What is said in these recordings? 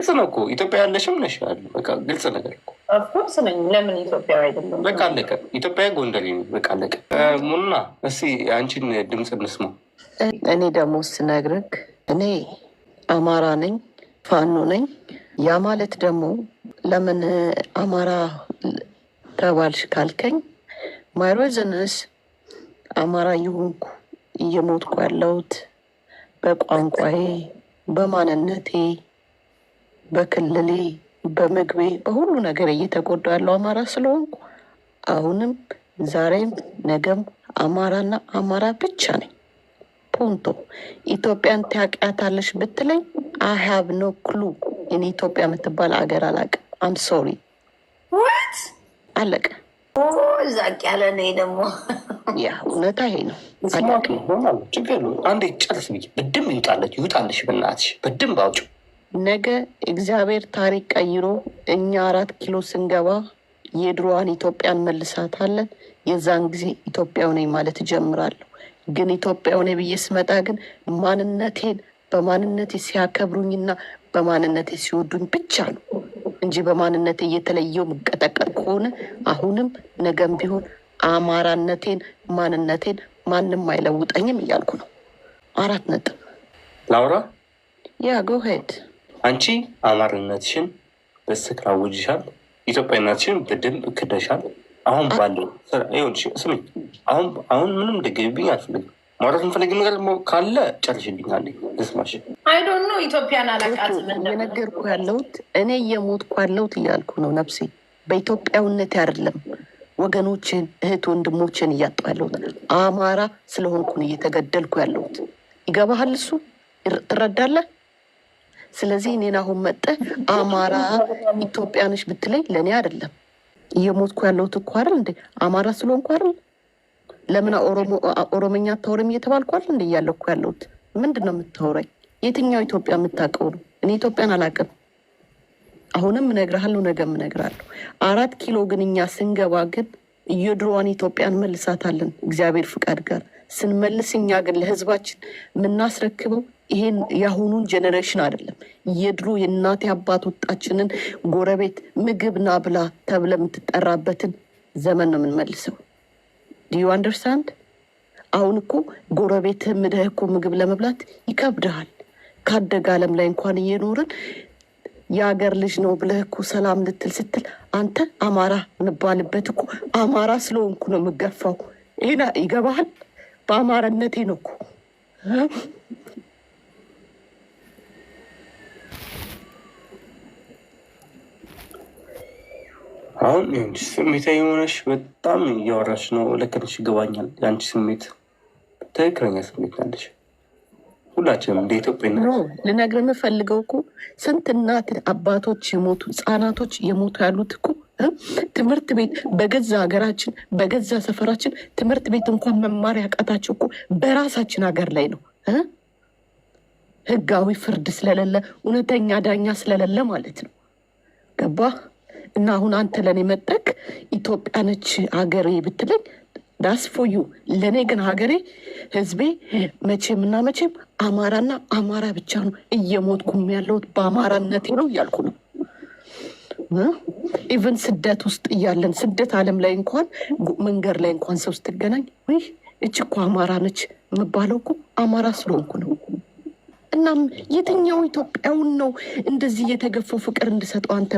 ግልጽ ነው እኮ ኢትዮጵያ ያለሽው ነሽ። በቃ ግልጽ ነገር እኮ ኢትዮጵያ አይደለም። በቃ አለቀ። ኢትዮጵያ ጎንደሬ ነው። በቃ አለቀ። ሙና እስኪ አንቺን ድምፅ እንስማ። እኔ ደግሞ ስነግርህ እኔ አማራ ነኝ፣ ፋኖ ነኝ። ያ ማለት ደግሞ ለምን አማራ ተባልሽ ካልከኝ ማይሮዝንስ አማራ የሆንኩ እየሞትኩ ያለሁት በቋንቋዬ በማንነቴ በክልሌ በምግቤ በሁሉ ነገር እየተጎዳ ያለው አማራ ስለሆንኩ አሁንም ዛሬም ነገም አማራና አማራ ብቻ ነኝ። ፖንቶ ኢትዮጵያን ታውቂያታለሽ ብትለኝ አይሃብ ኖ ክሉ እኔ ኢትዮጵያ የምትባል አገር አላውቅም። አም ሶሪ ወት አለቀ። ዛቅ ያለ ነኝ ደግሞ እውነታ ይሄ ነው። ችግር አንዴ ጨርስ ብድም ይውጣለች ይውጣለች ይውጣለሽ፣ በናትሽ በደንብ ነገ እግዚአብሔር ታሪክ ቀይሮ እኛ አራት ኪሎ ስንገባ የድሮዋን ኢትዮጵያን መልሳታለን። የዛን ጊዜ ኢትዮጵያው ነኝ ማለት እጀምራለሁ። ግን ኢትዮጵያው ነኝ ብዬ ስመጣ ግን ማንነቴን በማንነቴ ሲያከብሩኝና በማንነቴ ሲወዱኝ ብቻ ነው እንጂ በማንነቴ እየተለየው ምቀጠቀጥ ከሆነ አሁንም ነገም ቢሆን አማራነቴን፣ ማንነቴን ማንም አይለውጠኝም እያልኩ ነው። አራት ነጥብ ላውራ ያ ጎሄድ አንቺ አማርነትሽን በስክር አውጅሻል፣ ኢትዮጵያዊነትሽን በደንብ ክደሻል። አሁን ባለው ስሚኝ፣ አሁን ምንም ደግብኝ አልፈልግም። ማውራት የምፈልግ ነገር ካለ ጨርሽልኛለ። አለ ልስማሽ። አይዶኖ ኢትዮጵያን አላቃት እየነገርኩ ያለሁት እኔ እየሞትኩ ያለሁት እያልኩ ነው። ነፍሴ በኢትዮጵያዊነት አይደለም ወገኖችን እህት ወንድሞችን እያጡ ያለሁት አማራ ስለሆንኩን እየተገደልኩ ያለሁት። ይገባሃል? እሱ ትረዳለህ? ስለዚህ እኔን አሁን መጠ አማራ ኢትዮጵያንሽ ብትለኝ ለእኔ አይደለም እየሞትኩ ያለሁት እኮ አይደል እንዴ? አማራ ስለሆንኩ አይደል? ለምን ኦሮመኛ አታወሪም እየተባልኩ አይደል እንዴ? እያለኩ ያለሁት ምንድን ነው የምታወራኝ? የትኛው ኢትዮጵያ የምታውቀው ነው? እኔ ኢትዮጵያን አላውቅም። አሁንም እነግርሃለሁ፣ ነገም እነግርሃለሁ። አራት ኪሎ ግን እኛ ስንገባ ግን የድሮዋን ኢትዮጵያን መልሳታለን እግዚአብሔር ፍቃድ ጋር ስንመልስ እኛ ግን ለህዝባችን የምናስረክበው ይሄን የአሁኑን ጀኔሬሽን አይደለም። የድሮ የእናቴ አባት ወጣችንን ጎረቤት ምግብ ና ብላ ተብለ የምትጠራበትን ዘመን ነው የምንመልሰው። ዲዩ አንደርስታንድ? አሁን እኮ ጎረቤት ምድህ እኮ ምግብ ለመብላት ይከብድሃል። ካደገ አለም ላይ እንኳን እየኖርን የሀገር ልጅ ነው ብለህ እኮ ሰላም ልትል ስትል አንተ አማራ የምባልበት እኮ አማራ ስለሆንኩ ነው የምገፋው። ይህና ይገባሃል? በአማራነቴ ነው እኮ አሁን የአንቺ ስሜት የሆነሽ በጣም እያወራሽ ነው። ልክ ነሽ፣ ይገባኛል። የአንቺ ስሜት ትክክለኛ ስሜት ናለሽ። ሁላችንም እንደ ኢትዮጵያ ልነግር የምፈልገው እኮ ስንት እናት አባቶች የሞቱ ህጻናቶች የሞቱ ያሉት እኮ ትምህርት ቤት በገዛ ሀገራችን በገዛ ሰፈራችን ትምህርት ቤት እንኳን መማር ያቃታቸው እኮ በራሳችን ሀገር ላይ ነው። ህጋዊ ፍርድ ስለሌለ እውነተኛ ዳኛ ስለሌለ ማለት ነው። ገባ እና አሁን አንተ ለእኔ መጠቅ ኢትዮጵያ ነች ሀገሬ ብትለኝ ዳስፎዩ ለእኔ ግን ሀገሬ ህዝቤ መቼም እና መቼም አማራና አማራ ብቻ ነው። እየሞትኩም ያለሁት በአማራነቴ ነው እያልኩ ነው። ኢቨን ስደት ውስጥ እያለን ስደት ዓለም ላይ እንኳን መንገድ ላይ እንኳን ሰው ስትገናኝ ይህ እች እኮ አማራ ነች የምባለው እኮ አማራ ስለሆንኩ ነው። እናም የትኛው ኢትዮጵያውን ነው እንደዚህ እየተገፈው ፍቅር እንድሰጠው አንተ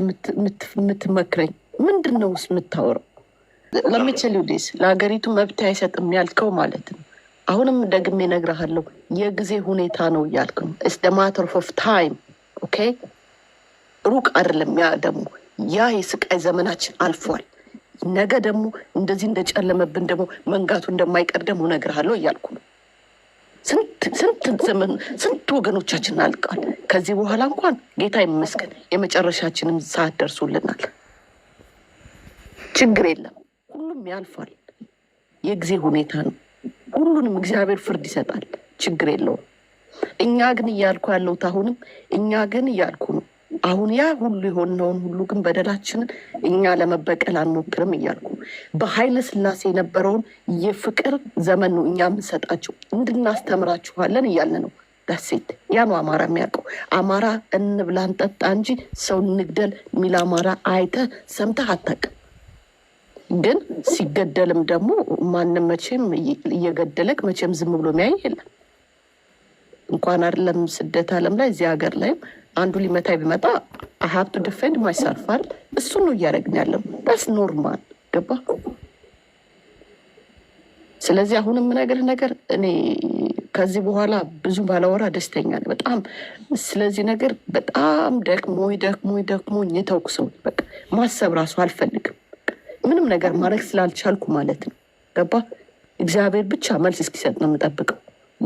የምትመክረኝ ምንድን ነው ውስጥ የምታወራው? ለሚችል ዴስ ለሀገሪቱ መብት አይሰጥም ያልከው ማለት ነው። አሁንም ደግሜ እነግርሃለሁ የጊዜ ሁኔታ ነው እያልክ ነው። ኢትስ ማተር ኦፍ ታይም ኦኬ። ሩቅ አይደለም ያ ደግሞ ያ የስቃይ ዘመናችን አልፏል። ነገ ደግሞ እንደዚህ እንደጨለመብን ደግሞ መንጋቱ እንደማይቀር ደግሞ እነግርሃለሁ እያልኩ ነው። ስንት ዘመን ስንት ወገኖቻችን አልቀዋል። ከዚህ በኋላ እንኳን ጌታ ይመስገን የመጨረሻችንም ሰዓት ደርሶልናል። ችግር የለም፣ ሁሉም ያልፋል። የጊዜ ሁኔታ ነው። ሁሉንም እግዚአብሔር ፍርድ ይሰጣል። ችግር የለውም። እኛ ግን እያልኩ ያለሁት አሁንም እኛ ግን እያልኩ አሁን ያ ሁሉ የሆነውን ሁሉ ግን በደላችንን እኛ ለመበቀል አንሞክርም እያልኩ በኃይለ ስላሴ የነበረውን የፍቅር ዘመን ነው እኛ የምንሰጣቸው እንድናስተምራችኋለን እያለ ነው። ደሴት ያ ነው አማራ የሚያውቀው። አማራ እንብላ እንጠጣ እንጂ ሰው እንግደል የሚል አማራ አይተህ ሰምተህ አታውቅም። ግን ሲገደልም ደግሞ ማንም መቼም እየገደለቅ መቼም ዝም ብሎ የሚያይ የለም። እንኳን አይደለም ስደት አለም ላይ እዚህ ሀገር ላይም አንዱ ሊመታኝ ቢመጣ አሀብቱ ድፌንድ ማይሳርፋል እሱ ነው እያደረግን ያለው ዳስ ኖርማል ገባ። ስለዚህ አሁን የምነግርህ ነገር እኔ ከዚህ በኋላ ብዙ ባላወራ ደስተኛ ነኝ በጣም ስለዚህ ነገር በጣም ደክሞ ደክሞ ደክሞ የተውኩ ሰው በቃ ማሰብ ራሱ አልፈልግም። ምንም ነገር ማድረግ ስላልቻልኩ ማለት ነው ገባ። እግዚአብሔር ብቻ መልስ እስኪሰጥ ነው የምጠብቀው።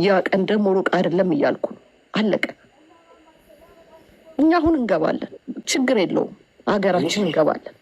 ያ ቀን ደግሞ ሩቅ አይደለም እያልኩ አለቀ። እኛ አሁን እንገባለን፣ ችግር የለውም። ሀገራችን እንገባለን።